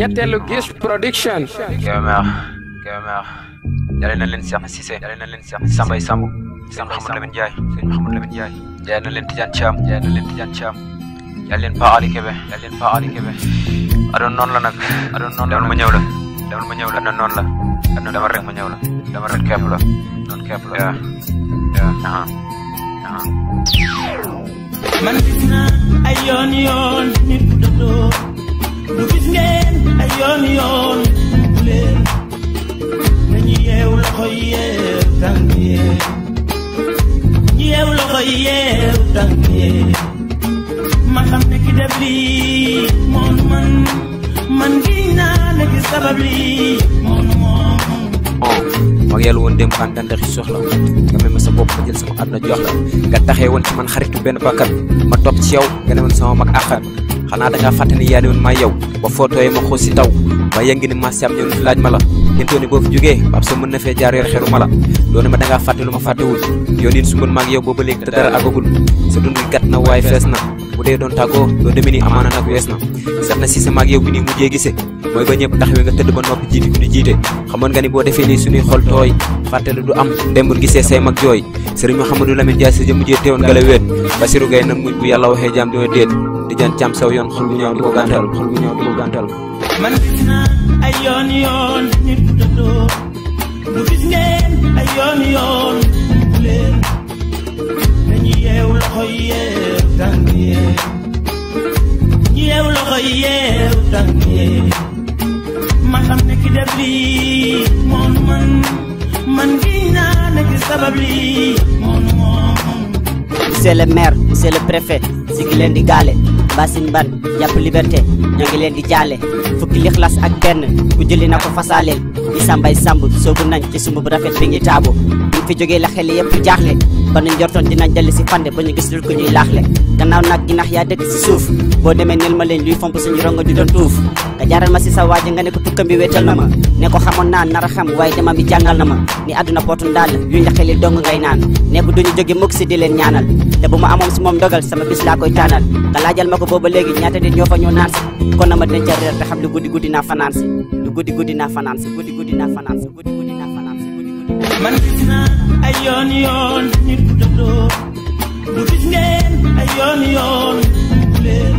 ñetteelu lu gis production. Kébémer Kébémer. yàlla na leen Cheikh Cissé. yàlla na leen Cheikh Sambay Samb. Sëñ Mouhamadou Lamine Ndiaye. Sëñ Mouhamadou Lamine Ndiaye. yàlla na leen Tidiane Thiam. yàlla na leen Tidiane Thiam. yàlla leen Pa Ali Kébé. yàlla leen Pa Ali Kébé. adoon noonu la nag. adoon noonu la demal ma ñëw la. demal ma ñëw la adoon noonu la. adoon demal rek ma ñëw la. demal rek képp la. noonu képp la. waaw waaw. man. ay yoon yoon nit ku dëddoo lu gis ngeen ay yoon yoon nit ku leen nañu yeew loxo yeew tànk yeew ñu yeew loxo yeew tànk ma xam ne ki def lii moom man man giñ naa ne ki sabab ak yalla won dem dan dari soxla nga may ma sa bop ko jël sama adna jox la nga taxee woon ci man xaritu ben bakkat ma top ci yow nga neewon sama mak àqar xana da nga fatani ne won ma yow ba yi ma xóos si taw ba yëngi ni maasiam ñëw fi laaj mala la ni ne boo fi jógee pap sa mën na fee jaar yor xeru mala do doone ma da nga fatelu ma fatewul yonin su mbon mak yow booba léegi te dara agagul sa dundu gàtt na way fess na bude don doon do doo demee ni amaana nag wees na na si sa maag yow bi ni mujjee ya, gisee mooy ya. ba ñëpp taxawee nga tedd ba nopp jiti ku di jiite ya. xamone nga ni boo defee nii suñuy xol toy fàttali du am dembul gisee say mak joy serigne mohammedou Lamine Dia je jë mujjee teewoon nga la wéet Basirou Gaye nag muj bu yalla waxee jam do wa di jan caam saw yon xol bu ñaw di ko gàntal xol bu ñaw di ko gàntal man gis ay yon yon nit bu dëddoo du gis ngeen ay yon yon bu leen dañuy yeew loxo yeew s'en yeew il s'en yeew il s'en il s'en il s'en man s'en giñ il s'en ki il s'en moom il s'en le il s'en il s'en il di gaale basin ban japp il s'en ngi il di jaale il s'en ak il s'en jëli il s'en fasaaleel il s'en soobu il s'en sumb il s'en bi il s'en il s'en il s'en ban nu dina jëli si fande ba ñu gis lu ko ñuy laaxle gannaaw nag ginax ya dëkk ci suuf bo neel ma leen luy fomp suñu rongo di doon tuuf ka jaaral ma ci sa waaji nga ne ko tukkam bi wéetal na ma ne ko xamoon naa nara xam waaye dama bi jàngal na ma ni aduna potu ndal yu ñaxeli dong ngay naan ne ko duñu jóge mukk si di leen ñaanal te bu ma amoon si dogal sama bis laa koy taanal ka laajal ma ko booba léegi ñaata nit ñoo fa ñoo naan si na ma dina ca reer te xam lu guddi guddi naa fanaan si lu guddi guddi naa fanaan si guddi guddi naa fanaan si guddi guddi naa fanaan si guddi man naa ay yoon yoon bu leen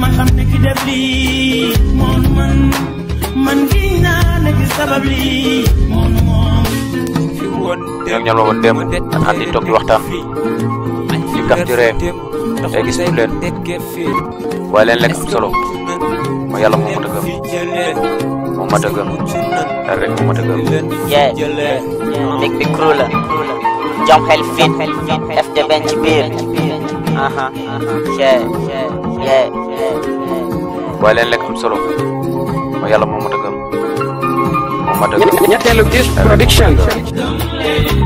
ma xam ne ki def man man naa ne ki sabab moom ñoom dem ak di waxtaan ñu kaf di ree day gis ñu leen waaye leen lekk am solo ma yàlla moo ma dëggal madogo avec madogo yeah big big cruller jump health fit f the bench beer aha uh-huh, uh-huh. yeah yeah Oh ya lek mau solo ganggu Mau pada ganggu Nyatnya lukis prediction gis